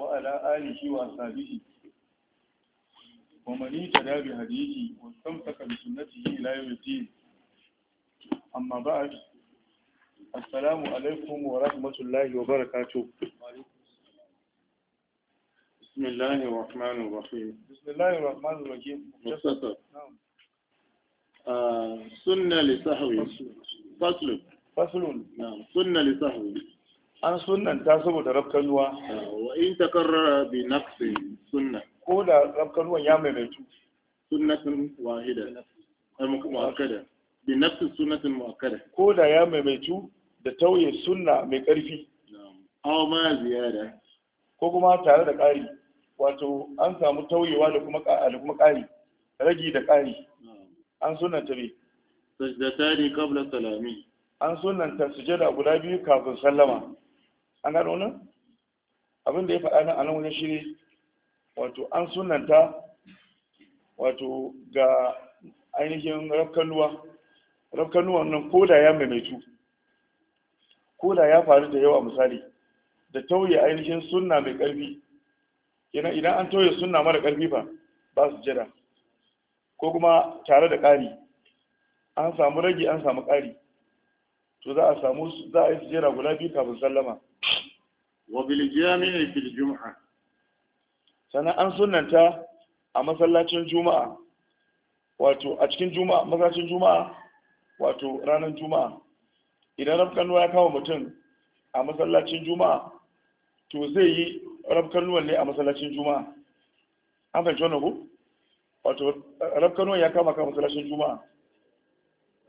وعلى آله وأصحابه ومن اهتدى بهديه واستمسك بسنته إلى يوم أما بعد السلام عليكم ورحمة الله وبركاته بسم الله الرحمن الرحيم بسم الله الرحمن الرحيم سنة لسهو فصل فصل نعم سنة لسهو an sunanta saboda rafkanuwa wa in takarrara bi naqsi sunna ko da rafkanuwan ya maimaitu sunnatun wahida al-mu'akkada bi nafsi sunnatin mu'akkada ko da ya maimaitu da tauye sunna mai ƙarfi aw ma ziyada ko kuma tare da ƙari wato an samu tauyewa da kuma da kuma ƙari ragi da ƙari an sunanta ne sajdatani qabla salami an sunanta sujada guda biyu kafin sallama an gano nan abin da ya faɗa nan a nan wajen shi ne wato an sunanta wato ga ainihin rafkanuwa rafkanuwan nan ko da ya maimaitu ko da ya faru da yawa misali da tauye ainihin sunna mai ƙarfi idan an tauye sunna mara ƙarfi ba ba su jira ko kuma tare da ƙari an samu rage an samu ƙari to za a samu za a yi sujera guda biyu kafin sallama wa bil jami'i fil jum'a sannan an sunnanta a masallacin juma'a wato a cikin juma'a masallacin juma'a wato ranar juma'a idan rafkanuwa ya kama mutum a masallacin juma'a to zai yi rafkanuwan ne a masallacin juma'a an fahimci wannan ku wato rafkanuwan ya kama kama masallacin juma'a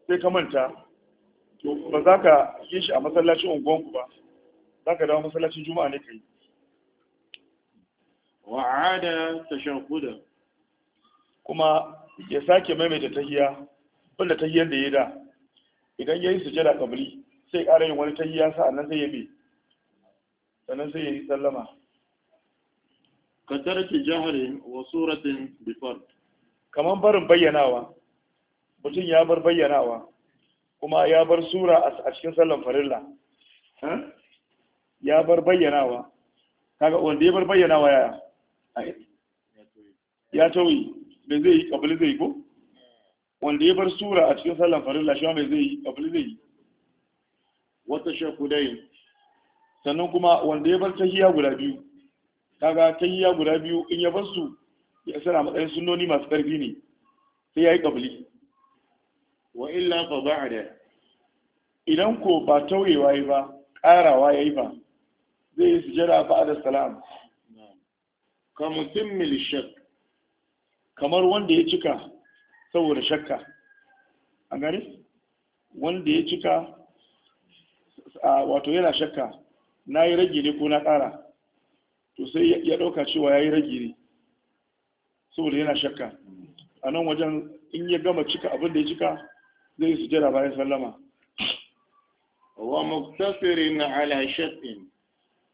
sai ka manta to ba za ka yi shi a masallacin unguwanku ba za ka dawo masallacin juma'a ne kai ada tashahhuda kuma ya sake maimaita tahiyya wanda tahiyyar da ya da idan yayi sujada kabli sai ƙara yin wani tahiyya sa'annan sai ya bi sannan sai yi sallama ka ki jaharin wa suratin bifar kaman barin bayyanawa mutum ya bar bayyanawa kuma ya bar sura a cikin sallan farilla ya bar bayyanawa kaga wanda ya bar bayyanawa yaya ya tawi da zai yi kabili zai ko wanda ya bar sura a cikin sallan farilla shi ma zai yi kabili zai yi wata dai sannan kuma wanda ya bar tahiya guda biyu kaga tahiya guda biyu in ya bar su ya sana matsayin sunnoni masu karfi ne sai ya yi kabili wa illa fa ba'da idan ko ba tawayewa yi ba ƙarawa yayi ba zai yi sujada ba da salam kamar fin milishak kamar wanda ya cika saboda shakka a gari wanda ya cika a wato yana shakka na yi rage ne ko na ƙara to sai ya ɗauka cewa ya yi rage ne saboda yana shakka a nan wajen in ya gama cika abin da ya cika zai yi sujada bayan sallama wa muktasirin ala shaqqin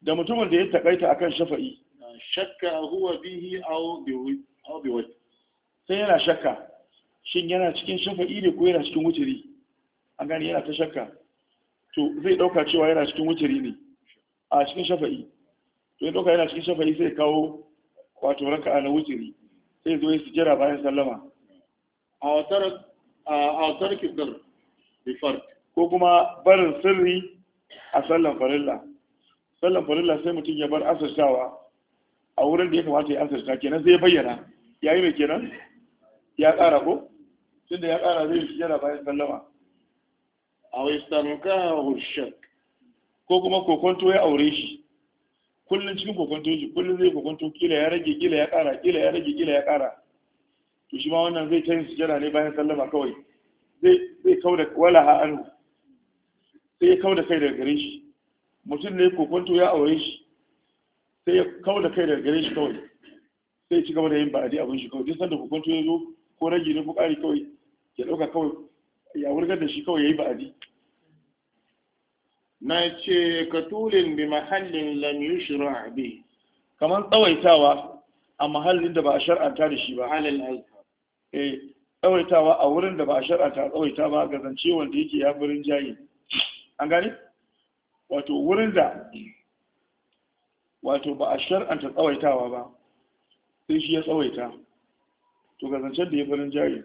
da mutumin da ya takaita akan shafa'i shakka huwa bihi aw bi aw sai yana shakka shin yana cikin shafa'i ne ko yana cikin wuturi an gani yana ta shakka to zai dauka cewa yana cikin wuturi ne a cikin shafa'i to yana dauka yana cikin shafa'i sai kawo wato a na wuturi sai zo ya sujjara bayan sallama a watar a watar kifar ko kuma barin sirri a sallan farilla sallan farilla sai mutum ya bar asirtawa a wurin da ya kamata ya asirta kenan ya bayyana ya yi mai kenan ya ƙara ko da ya ƙara zai yi yana bayan sallama a wai samka hushak ko kuma kokonto ya aure shi kullum cikin kokonto shi kullum zai kokonto kila ya rage kila ya ƙara kila ya rage kila ya ƙara to shi ma wannan zai ta yin sujjada ne bayan sallama kawai zai da wala ha'anu sai ya kauda kai daga gare shi mutum ne kokonto ya aure shi sai ya kawo da kai daga gare shi kawai sai ya ci gaba da yin ba'adi abin shi kawai duk sanda kokonto ya zo ko rage ne ko ƙari kawai ya ɗauka kawai ya wurgar da shi kawai ya yi ba'adi na ce ka katulin bi mahallin lam yushra bi kamar tsawaitawa a mahallin da ba a shar'anta da shi ba halal aika eh tsawaitawa a wurin da ba a shar'anta tsawaita ba ga zance wanda yake ya furin jayi an gani wato wurin da wato ba a shar'anta tsawaitawa ba sai shi ya tsawaita to ga zancen da ya farin jari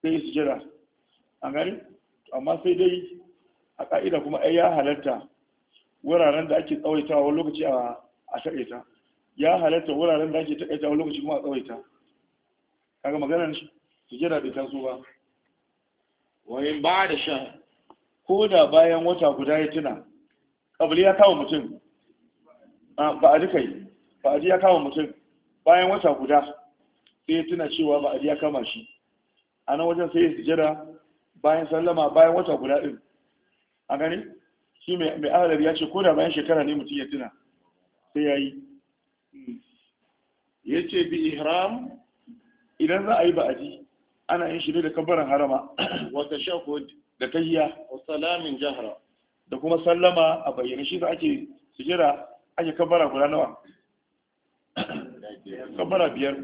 sai ya jira an gani amma sai dai a ƙa'ida kuma ai ya halatta wuraren da ake tsawaitawa wani lokaci a taƙaita ya halatta wuraren da ake taƙaita wani lokaci kuma a tsawaita kaga maganar sujada bai taso ba wani ba da shan ko da bayan wata guda ya tuna kabili ya kama mutum ba a duka yi ba a ji ya kama mutum bayan wata guda sai ya tuna cewa ba a ji ya kama shi a nan wajen sai ya sujada bayan sallama bayan wata guda ɗin, a gani shi mai ahalar ya ce ko da bayan shekara ne mutum ya tuna sai ya yi ya ce bi ihram idan za a yi ji ana yin shi ne da kabbaran harama wata shahud da tahiyya wa salamin jahra da kuma sallama a bayyane shi da ake sujira ake kabbara guda nawa kabbara biyar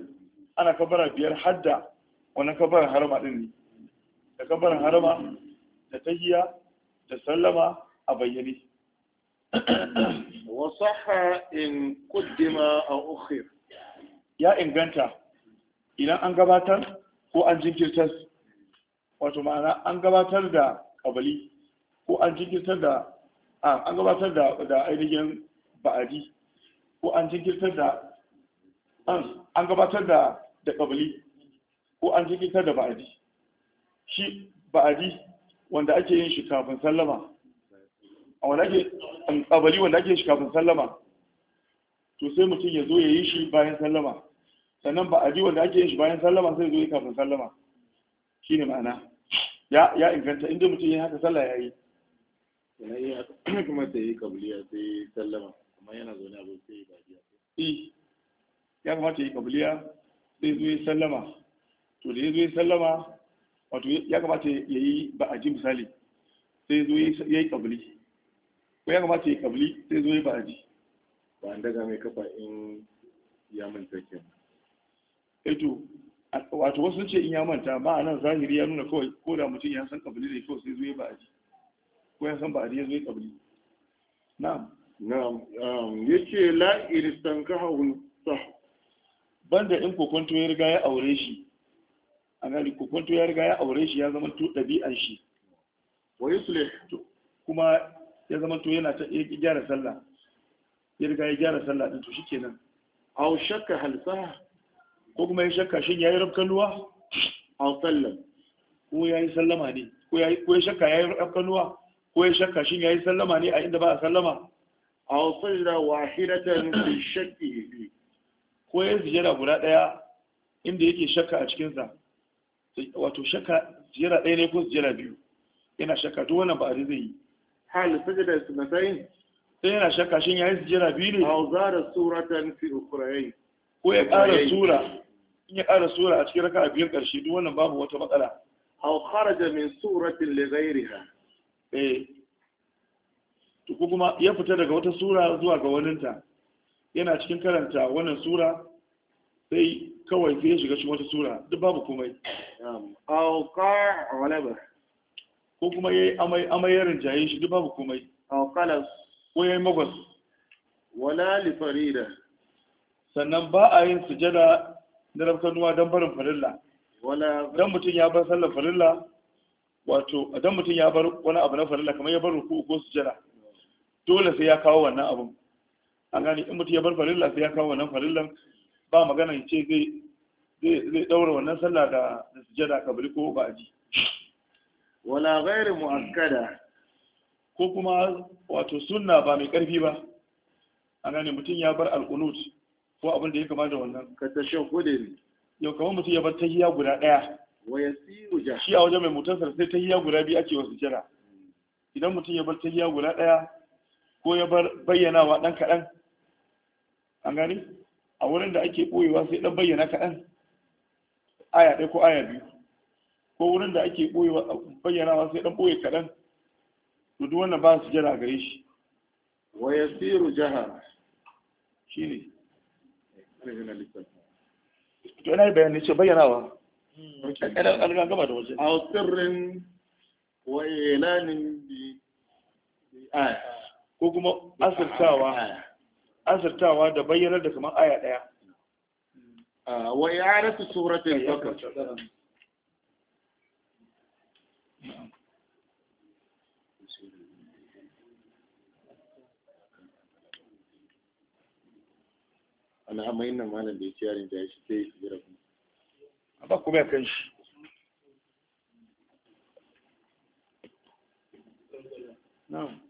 ana kabbara biyar hadda wani kabbaran harama din ne da kabbaran harama da tahiyya da sallama a bayyane wa in quddima aw ukhir ya inganta idan an gabatar ko an jinkirtar wato ma'ana an gabatar da kabali ko an jinkirtar da an gabatar da ainihin ba'adi ko an jinkirtar da an gabatar da da kabali ko an jinkirtar da ba'adi shi ba'adi wanda ake yin shi kafin sallama a wanda ake kabali wanda ake yin shi kafin sallama to sai mutum ya zo ya yi shi bayan sallama sannan ba'adi wanda ake yin shi bayan sallama sai zo ya kafin sallama Shi ne ma'ana ya inganta inda mutum ya haka sallah yayi yana kuma ta yi kabiliya sai sallama amma yana zaune abin sai yi badiya ya kamata yi kabiliya sai zo yi sallama to da ya zo yi sallama wato ya kamata ya yi ba a ji misali sai zo ya yi kabili ko ya kamata ya kabili sai zo ya ba a ji ba an daga mai kafa in ya manta kenan eto wato wasu sun ce in ya manta ba a nan zahiri ya nuna kawai ko da mutum ya san kabili da kawai sai zuwa ba ji ko ya san ba ji ya zuwa kabili na'am na'am ya ce la iristan ka hawul banda in kokonto ya riga ya aure shi a gani kokonto ya riga ya aure shi ya zama to ɗabi'an shi wa yusle kuma ya zama to yana ta gyara sallah ya riga ya gyara sallah din to shikenan aw shakka hal ko kuma ya shakka yi yayi rafkanuwa a sallam ko yi sallama ne ko ya shakka ya yi yayi rafkanuwa ko ya shakka ya yi sallama ne a inda ba a sallama aw sajda wahidatan fi shakki. ko ya sujada guda daya inda yake shakka a cikinsa. wato shakka sujada daya ne ko sujada biyu yana shakka to wannan ba a zai yi hal sajda sunatayn sai yana shakka shin yayi sujada biyu ne aw zara suratan fi ukrayin ko ya ƙara sura in ya ƙara sura a cikin raka a biyar ƙarshe duk wannan babu wata matsala aw kharaja min suratin li ghayriha eh to kuma ya fita daga wata sura zuwa ga waninta yana cikin karanta wannan sura sai kawai sai ya shiga cikin wata sura duk babu komai aw qala ba ko kuma yayi amai yarin jaye shi duk babu komai aw qala ko yayi magwas wala li farida sannan ba a yin sujada na nuwa don barin farilla don mutum ya bar sallar farilla wato don mutum ya bar wani abu na farilla kamar ya bar ruku ko jira dole sai ya kawo wannan abun an gani in mutum ya bar farilla sai ya kawo wannan farillan ba magana ya ce zai zai daura wannan sallah da su sujada kabri ko ba ji wala ghairu muakkada ko kuma wato sunna ba mai karfi ba an gani mutum ya bar alqunut ko abin da ya kama da wannan ka tashahhud ne yau kamar mutum ya bar ta tahiyya guda daya Waya yasiru ja shi a wajen mai mutasar sai tahiyya guda biyu ake wasu jira idan mutum ya bar ta tahiyya guda daya ko ya bar bayyanawa dan kadan an gani a wurin da ake ɓoyewa sai dan bayyana kadan aya ɗaya ko aya biyu ko wurin da ake bayyanawa sai dan ɓoye kadan to duk wannan ba su jira gare shi Waya yasiru jaha ne. bayyana littafi to bayani ce bayyanawa ɗan hmm, gaba da waje a sirrin wa ilanin bi ko kuma da bayyanar da kamar aya ɗaya hmm. ah, wa ya rasu bakar ana amma yin nan malam da ya ci yarin da shi sai ya shiga rabu a ba kuma kan shi na'am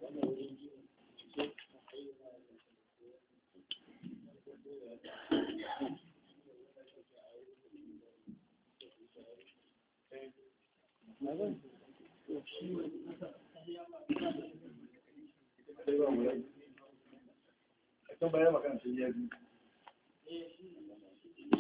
Então,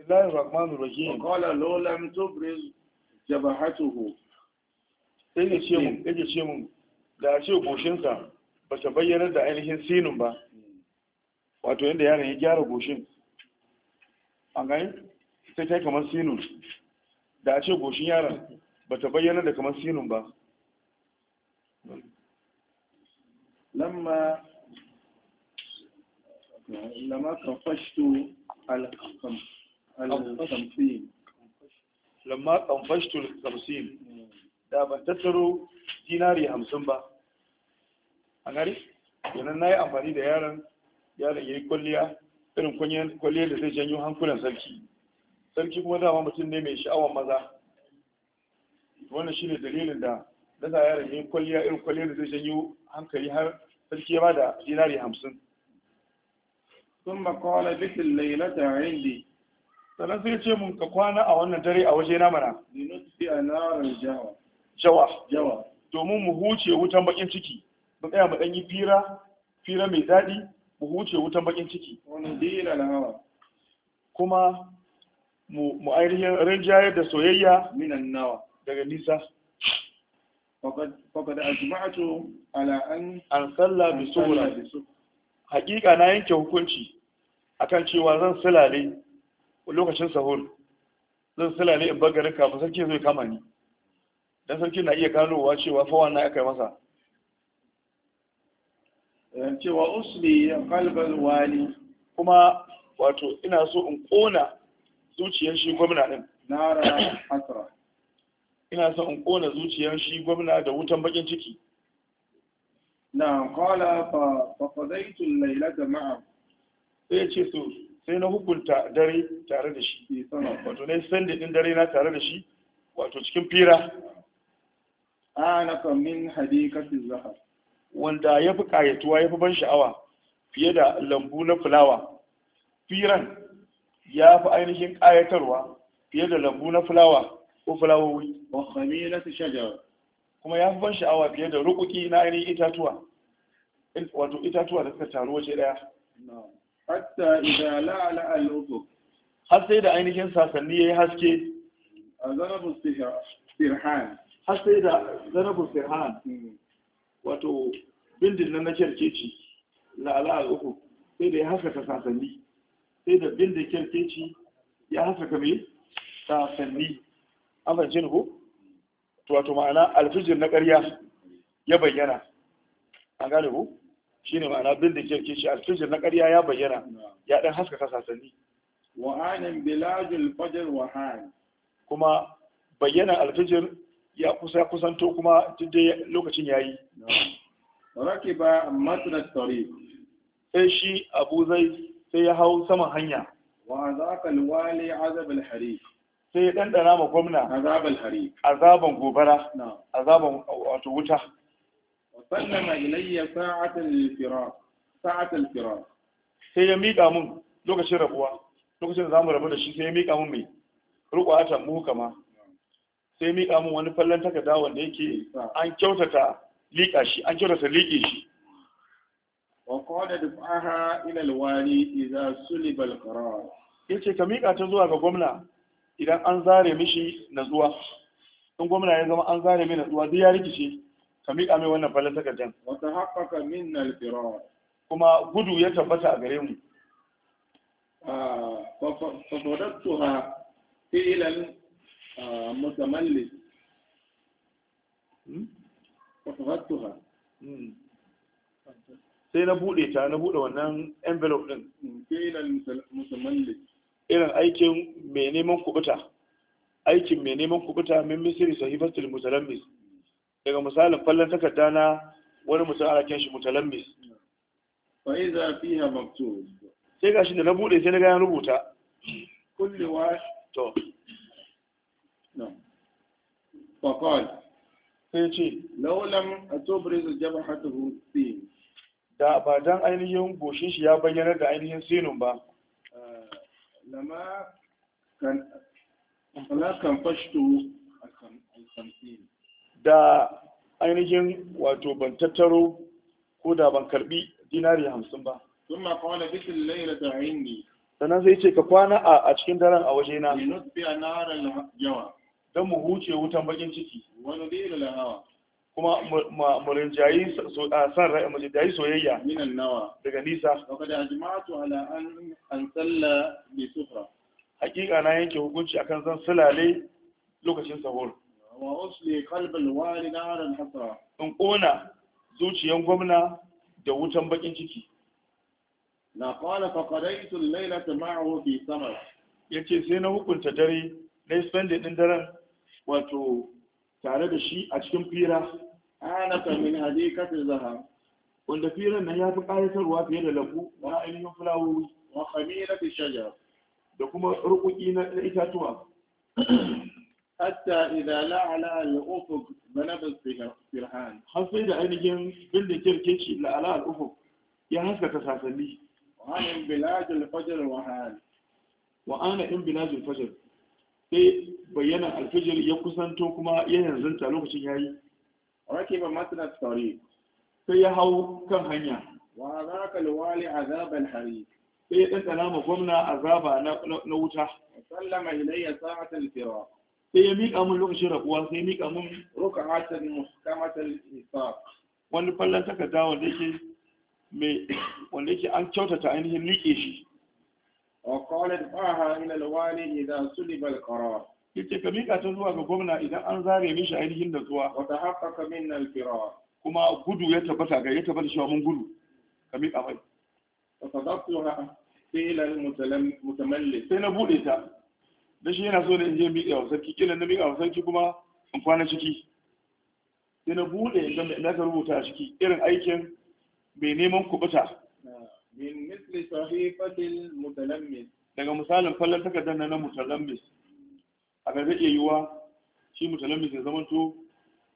الله الرحمن الرحيم وقال لو لم sai ce da a ce goshinsa ba ta bayyana da ainihin sinin ba wato yadda sai ta yi sinin da a ce goshin yaron ba ta bayyana da kamar sinin ba lamma lamma lamma kamfashtul kamsin da ban tattaro dinari hamsin ba a gari yanar na yi amfani da yaron yaron ya yi kwalliya irin kwalliyar da zai janyo hankulan sarki sarki kuma dama mutum ne mai sha'awar maza wannan shi ne dalilin da na sa yaron ya yi kwalliya irin kwalliyar da zai janyo hankali har sarki ya ba da dinari hamsin sun makawala bitin lailata indi sannan sai ce mun ka kwana a wannan dare a waje na mana jawa jawa domin mu huce wutan bakin ciki mu tsaya mu dan yi fira fira mai daɗi mu huce wutan bakin ciki kuma mu ainihin rinjayar da soyayya minan nawa daga nisa faƙad ajma'atu ala an an salla bi sura. haƙiƙa na yanke hukunci akan cewa zan sulale lokacin sahur zan ne in bar garin kafin sarki zai kama ni dan sarki na iya kanowa cewa fa wannan aka yi masa eh, cewa usli qalbal wali kuma wato ina so in kona zuciyar shi gwamna din nara hasra ina so in kona zuciyar shi gwamna da wutan bakin ciki na qala fa fa qadaytu al-laylata ma'a sai ce so sai na hukunta dare tare da shi wato na sanda din dare na tare da shi wato cikin fira anaka min hadikati zahar wanda ya fi kayatuwa ya fi ban sha'awa fiye da lambu na fulawa firan ya fi ainihin kayatarwa fiye da lambu na fulawa ko fulawowi wa su shajar kuma ya fi ban sha'awa fiye da rukuki na ainihin itatuwa wato itatuwa da suka taru waje daya hatta idza la'ala al-udub har sai da ainihin sasanni yayi haske zanabu sirhan har sai da zanabu sirhan wato bindin nan na kerkeci la'ala al-udub sai da ya haskaka sasanni sai da bindin kerkeci ya haskaka me sasanni an jin ko wato ma'ana alfijir na ƙarya ya bayyana an gane ko ne ma'ana bildin kirki shi alfijir na ƙarya ya bayyana ya ɗan haskaka sasanni wa'anin bilajul fajar wahan kuma bayyana alfijir ya kusa kusanto kuma dai lokacin ya yi. Raki rakiba matnat tariq sai shi Abu zai sai ya hau saman hanya wa zaka alwali azab hari? sai ya dandana ma gwamna azab alharif azaban gobara azaban wato wuta وسلم إلي ساعة الفراق ساعة الفراق sai ya miƙa mun lokacin rabuwa lokacin da za mu rabu da shi sai ya miƙa mun mai rukwatan mu kama sai ya miƙa mun wani fallon takarda wanda yake an kyautata liƙa shi an kyautata liƙe shi wa qala dafa'aha ila alwali idza suliba ka miƙa ta zuwa ga gwamna idan an zare mishi na zuwa in gwamna ya zama an zare mai na duk ya rikice ka miƙa mai wannan falasakar jan wata haƙaƙa min na alfirar kuma gudu ya tabbata a gare mu ah, fi ilan ah, mutamalli. mutamallis fafadattuha hmm. sai na buɗe ta na buɗe wannan envelope ɗin hmm, Fi ilan mutamalli. irin aikin mai neman kubuta aikin mai neman kubuta min misiri sahifatul mutalammis daga misalin fallon takarda na wani mutum ana kenshi shi mutalammis fa iza fiha maktu sai ga shi da na bude sai na gaya rubuta kulli wa to no fa qal sai ce law su jama jabhatuhu sin da ba don ainihin goshin shi ya bayyana da ainihin sinun ba eh, lama kan fala kan fashtu al-khamsin da ainihin wato ban tattaro ko da ban karbi dinari hamsin ba sun ma kawana bisin laila da ne. sannan sai ce ka kwana a cikin daren a waje na don mu huce wutan bakin ciki wani kuma murinjayi san ra'ayi murinjayi soyayya daga nisa An-sallar hakika na yanke hukunci akan zan sulale lokacin sahur wa usli wali naran hasra in kona zuciyan gwamna da wutan bakin ciki Na qala fa Laila ta ma'ahu fi samar ce sai na hukunta dare na spend ɗin daren wato tare da shi a cikin fira ana ka min hadikati zaha wanda firan nan ya fi ƙayatarwa fiye da lambu na ainihin fulawowi wa fi shajar da kuma rukuki na itatuwa hatta idza la'ala al-ufuq banaba sirhan har sai da ainihin bindin kirkici la'ala al-ufuq ya haskaka sasanni wa ana in bilad al-fajr wa hal wa ana in bilad al-fajr sai bayyana al-fajr ya kusanto kuma ya yanzanta lokacin yayi ba matna tariq sai ya hau kan hanya wa zaka al-wali azab al-hariq sai ya dandana ma gwamna azaba na wuta sallama ilayya sa'atan firaq sai ya miƙa mun lokacin rabuwa sai ya miƙa mun roka hatar kamatar isa. wani fallon takarda wanda yake mai wanda yake an kyautata ainihin liƙe shi wa qalat baha ila alwali idha suliba alqarar ce ka miƙa ta zuwa ga gwamna idan an zare mishi ainihin da zuwa Wata wa min nan alfirar kuma gudu ya tabbata ga ya tabbata cewa mun gudu ka miƙa mai fa sadaqtuha ila almutamallis sai na bude ta da shi yana so da in je miƙa wa sarki ƙila na miƙa wa sarki kuma in kwana ciki sai na buɗe in ga ina ka rubuta a ciki irin aikin mai neman kubuta daga misalin fallon takardar na mutalammis a ga zai iya yiwa shi mutalammis ya zamanto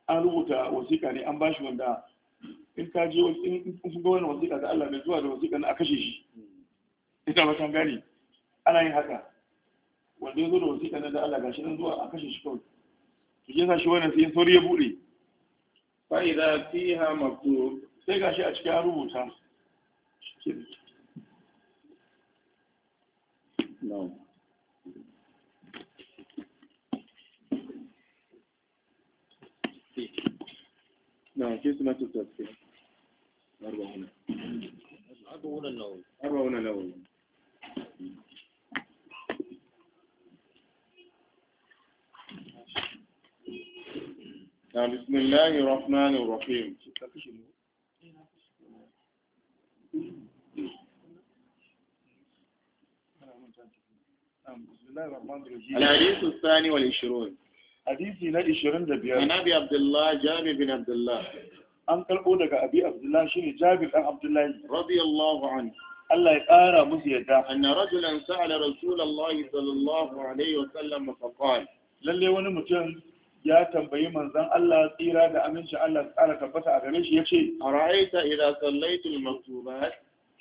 an rubuta wasiƙa ne an bashi wanda in ka je in kun ga wani wasiƙa da Allah mai zuwa da wasiƙa na a kashe shi ita ba ta gane ana yin haka wanda ya zo da wasiƙa nan da Allah gashi nan zuwa a kashe shi kawai to je sa shi wannan sai sauri ya bude fa idza fiha maktub sai gashi a cikin rubuta na'am نعم كيف سمعت التفسير؟ أربعون أربعون النووي أربعون النووي نعم، بسم الله الرحمن الرحيم الحديث الثاني والعشرون حديثي نادي شرند بيان نبي عبد الله جابر بن عبد الله عن قلبه دغ ابي عبد الله شنو جابر بن عبد الله رضي الله عنه الله يقارى مزيدا ان رجلا سال رسول الله صلى الله عليه وسلم فقال للي وانا متهم ya tambayi manzon Allah tsira da aminci Allah tsara tabbata a gare shi ya yace ara'aita idza sallaitu al-maktubat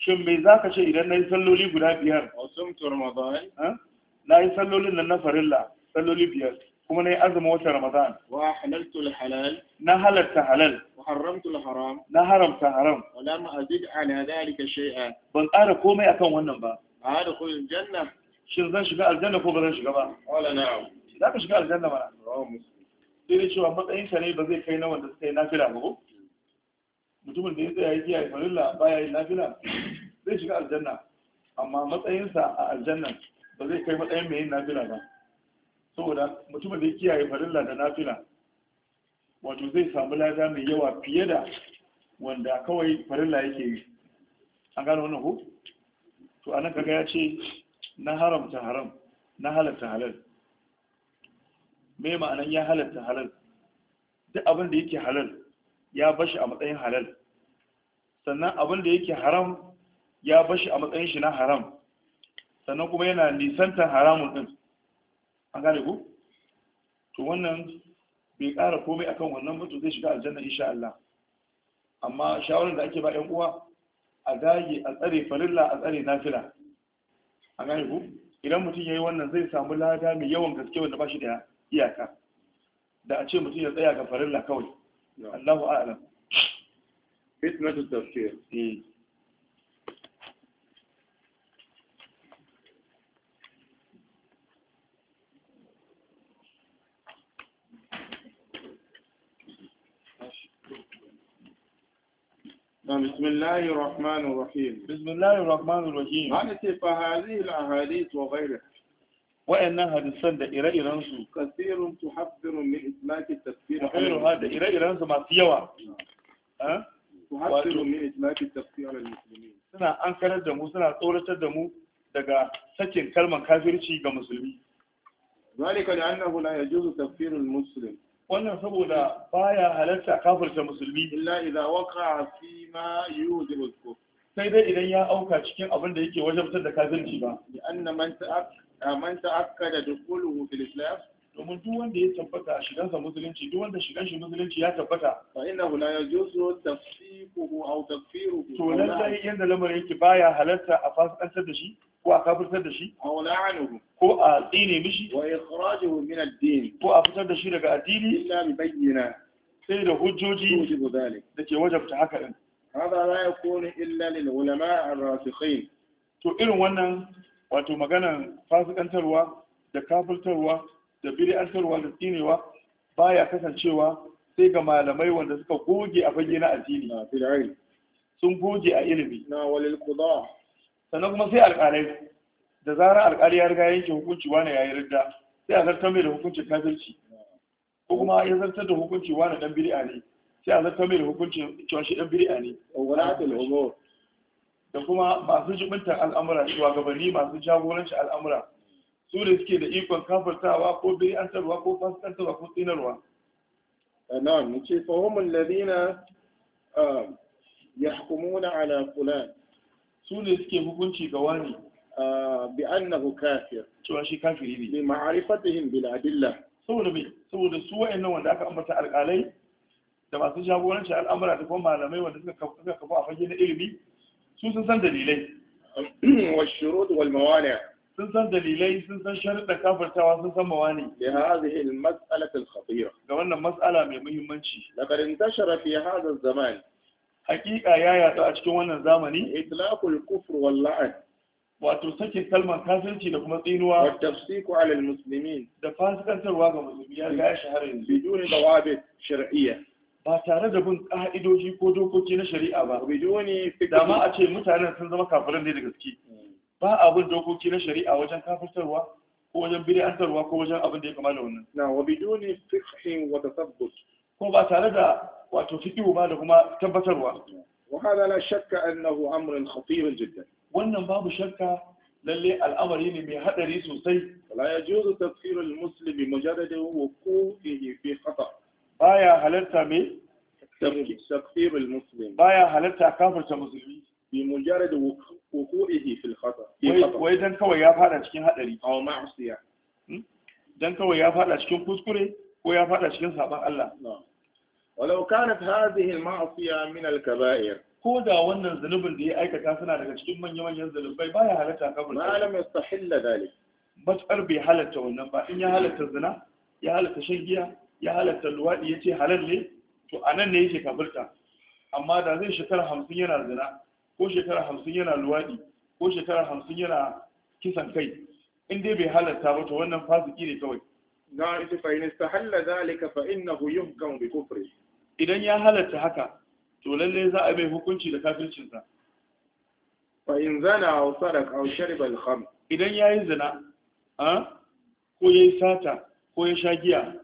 shin me za ka ce idan na yi salloli guda biyar wasumtu ramadan na yi sallolin nan na farilla salloli biyar kuma na yi azumin wata ramadan wa halaltu halal na halarta halal wa haramtu haram na haramta haram wa lam azid ala dhalika shay'a ban ƙara komai akan wannan ba a da kullun janna shin zan shiga aljanna ko ba zan shiga ba wala na'am ka shiga aljanna mana sai da cewa matsayin sa ne ba zai kai na wanda suka yi nafila ba ko mutumin da ya tsaya ya yi farilla baya yin nafila zai shiga aljanna amma matsayinsa a aljanna ba zai kai matsayin mai yin nafila ba saboda mutumin da ya kiyaye farilla da nafila wato zai samu lada mai yawa fiye da wanda kawai farilla yake yi an gano wannan ko to anan kaga ya ce na haramta haram na halatta halal me ma'anan ya halatta halal duk abin da yake halal ya bashi a matsayin halal sannan abin da yake haram ya bashi a matsayin shi na haram sannan kuma yana nisantar haramun din an gane ku to wannan bai ƙara komai akan wannan mutum zai shiga aljanna insha Allah amma shawarar da ake ba ƴan uwa a dage a tsare falilla a tsare nafila an gane ku idan mutum yayi wannan zai samu lada mai yawan gaske wanda ba shi da iyaka da a ce mutum ya tsaya ga farilla kawai Allahu tafsir بسم الله الرحمن الرحيم بسم الله الرحمن الرحيم أنا هذه الأحاديث وغيرها wa'annan hadisan da ire-iren su kasirun tuhabbiru min islaki tafsir khairu da ire-iren su masu yawa tuhabbiru min islaki tafsir al-muslimin suna ankarar da mu suna tsoratar da mu daga sakin kalmar kafirci ga musulmi zalika li'annahu la yajuzu tafsir al-muslim wannan saboda baya halarta kafirta musulmi illa idza waqa fi ma yujibu sai dai idan ya auka cikin abin da yake wajabtar da kafirci ba li man ta'ak man ta'akkada dukuluhu fil islam domin duk wanda ya tabbata shigansa musulunci duk wanda shigan shi musulunci ya tabbata fa innahu la yajuzu tafsiquhu aw takfiruhu to nan sai yanda lamarin yake baya halarta a fasantar da shi ko a kafirtar da shi aw la'anuhu ko a tsine mishi wa ikhrajuhu min ad-din ko a fitar da shi daga addini illa bi bayyina sai da hujjoji da ke wajabta haka din hada la yakunu illa lil ulama ar-rasikhin to irin wannan wato maganan fasikantarwa da kafultarwa da biri'antarwa da tsinewa baya kasancewa sai ga malamai wanda suka goge a fage na addini sun goge a ilimi na walil sannan kuma sai alƙalai da zara alƙalai ya riga yanke hukunci wani yi ridda sai a zartar mai da hukuncin kafirci ko kuma ya zartar da hukunci wani dan biri'a ne sai a zartar mai da hukuncin cewa shi dan biri'a ne da kuma masu jibintar al'amura shugabanni masu jagoranci al'amura su da suke da ikon kafartawa ko bi'antarwa ko fasikantarwa ko tsinarwa eh, na'am nace fa hum alladhina ah, yahkumuna ala fulan su ne suke hukunci ga wani ah, bi annahu kafir cewa shi kafiri ne bi ma'rifatihim bil adilla saboda me saboda su wa'annan wanda aka ambata alƙalai da masu jagoranci al'amura da kuma malamai wanda suka kafa a fage na ilimi su sun san dalilai wa shurud wal mawani sun san dalilai sun san sharuɗa kafartawa sun san mawani li hadhihi al mas'alati khatira ga wannan mas'ala mai muhimmanci Lakarin intashara fi hadha al zaman ya yato a cikin wannan zamani itlaqul kufr wal la'an. wato sake kalmar kafirci da kuma tsinuwa wa tafsiku ala muslimin da fasikantarwa ga musulmi ya ga shahara yanzu bidun dawabit shar'iyya ba tare da bin ƙa'idoji ko dokoki na shari'a ba Dama a ce mutanen sun zama kafiran ne da gaske ba abin dokoki na shari'a wajen kafirtarwa ko wajen bid'antarwa ko wajen abin da ya kama da wannan na wa biduni fiqhin wa tathabbut ko ba tare da wato fiqhu ba da kuma tabbatarwa wa hada la shakka annahu amrun khatir jiddan wannan babu shakka lalle al'amari ne mai hadari sosai la yajuzu tafsir al-muslim mujarrad wa quwwihi fi khata' baya halarta me تكفير المسلم بايا هلتا كافر مسلمي بمجرد وقوعه في الخطأ wai dan kawai ya fada cikin hadari aw ma'siya dan kawai ya fada cikin kuskure ko ya fada cikin saban Allah walau kanat hadhihi al-ma'siya min al-kaba'ir ko da wannan zunubin da ya aikata suna daga cikin manya-manyan zunubai baya halatta kafir ma lam yastahilla dhalik matsar bai halatta wannan ba in ya halatta zina ya halatta shan giya ya halatta luwaɗi ya ce halal ne to a nan ne yake kafirta amma da zai shekara hamsin yana zina ko shekara hamsin yana luwaɗi ko shekara hamsin yana kisan kai in dai bai halatta ba to wannan fasiki ne kawai na ita fa in istahalla zalika fa innahu yuhkam bi kufri idan ya halatta haka to lalle za a mai hukunci da kafircin sa fa in zana aw sadaqa aw shariba al khamr idan yayi zina a ah, ko yayi sata ko ya sha giya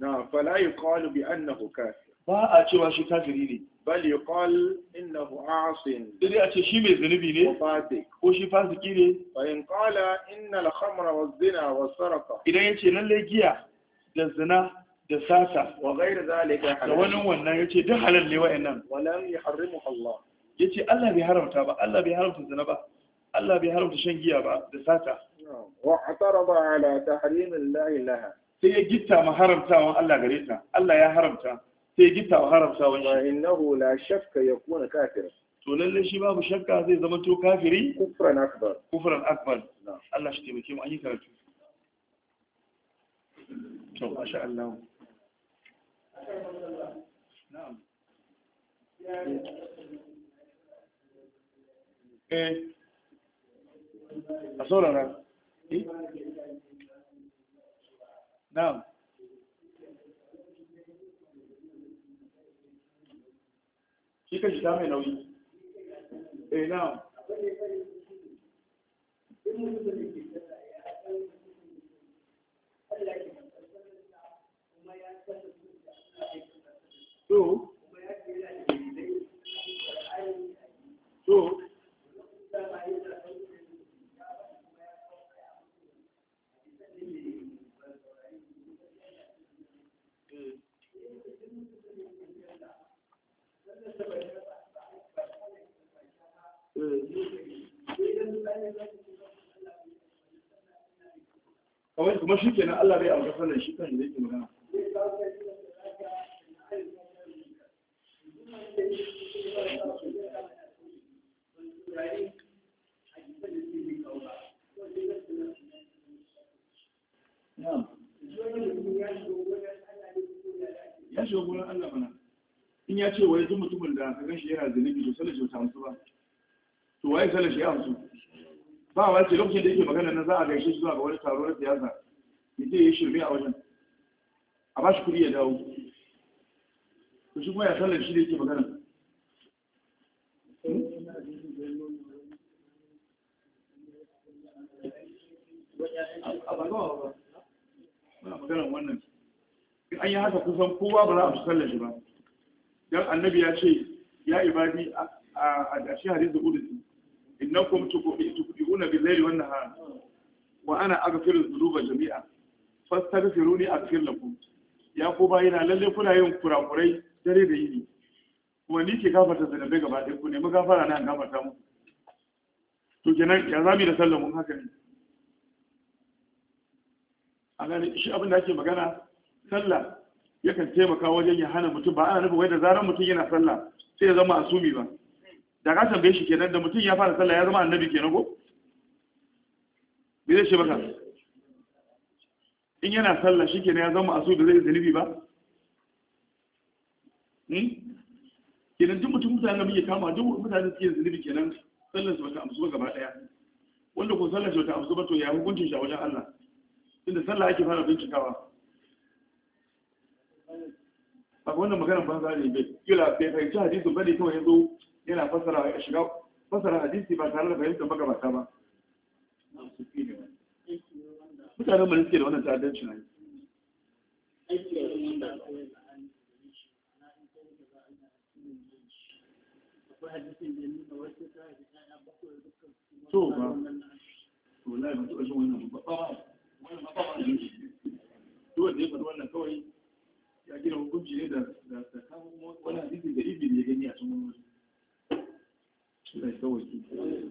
na fala yuqalu bi annahu kafir ba a cewa shi kafiri ne bal yuqal innahu asin dai a ce shi mai zunubi ne ko shi fasiki ne fa in qala innal khamra wa zina wa saraqa idan yace lalle giya da zina da sata wa ghayr zalika da wani wannan yace duk halal ne wa'annan wala yuharrimu Allah Ya ce Allah bai haramta ba Allah bai haramta zina ba Allah bai haramta shan giya ba da sata wa atarada ala tahrim Allah laha sai ya gitta ma haramtawan Allah gare ta Allah ya haramta sai ya gitta ma haramtawan shi wa innahu la shakka yakuna kafir to lalle shi babu shakka zai zama to kafiri kufran akbar kufran akbar Allah shi taimake mu an yi karatu to masha Allah na'am eh a saurara eh na'am shi kan ta mai nauyi eh kuma shi kenan Allah bai auka sallar shi kan da yake magana ya shiga gurin Allah mana in ya ce wai duk mutumin da ka shi yana zunubi to sanar shi wata amsu ba to waye sanar shi ya amsu ba wai ce lokacin da yake magana na za a gaishe shi zuwa ga wani taro na siyasa ya je ya shirme a wajen a ba shi kuɗi ya dawo to shi kuma ya sallar shi da yake magana a ba ba ba maganar wannan in an yi haka kusan kowa ba za a sallar shi ba dan annabi ya ce ya ibadi a shi hadisi kudusi innakum tuqiduna bil layli wan nahar wa ana aghfiru dhunuba jami'a a cikin lambu. ya ko ba yana lalle kuna yin kurakurai dare da yini kuma ni ke gafarta bai gaba ɗaya ku nemi gafara na gafarta mu to kenan ya zami da sallah mun haka ne a gane shi abin da ake magana sallah yakan taimaka wajen ya hana mutum ba ana nufin wai da zarar mutum yana sallah sai ya zama asumi ba da ka tambaye shi kenan da mutum ya fara sallah ya zama annabi kenan ko me zai ce maka in yana sallah shi kenan ya zama asu da zai zunubi ba hmm? kenan duk mutum mutane da muke kama duk mutane suke zanibi kenan sallar su bata amsu ba gaba daya wanda ko sallar su bata amsu ba to ya hukuncin shi a wajen Allah inda sallah ake fara bincikawa ba wannan ba za ne bai kila bai ci hadisin bane kawai ya zo yana fassara ya shiga fassara hadisi ba tare da fahimtar magabata ba Mutane mu suke da wannan ta'addanci ne to ba wannan ya kawai ya gina hukunci ne da da kawo da ibi gani a cikin kawai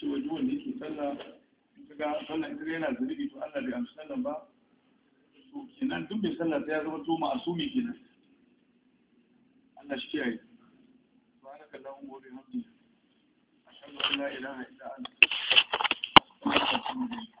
cewa duk wanda yake sallah sallah ita yana zunubi to Allah bai amsa sallan ba to kenan duk mai sallah sai ya zama to ma'asumi kenan Allah shi kiyaye subhanaka allahumma wa bihamdika ashhadu an la ilaha illa anta astaghfiruka wa atubu ilayk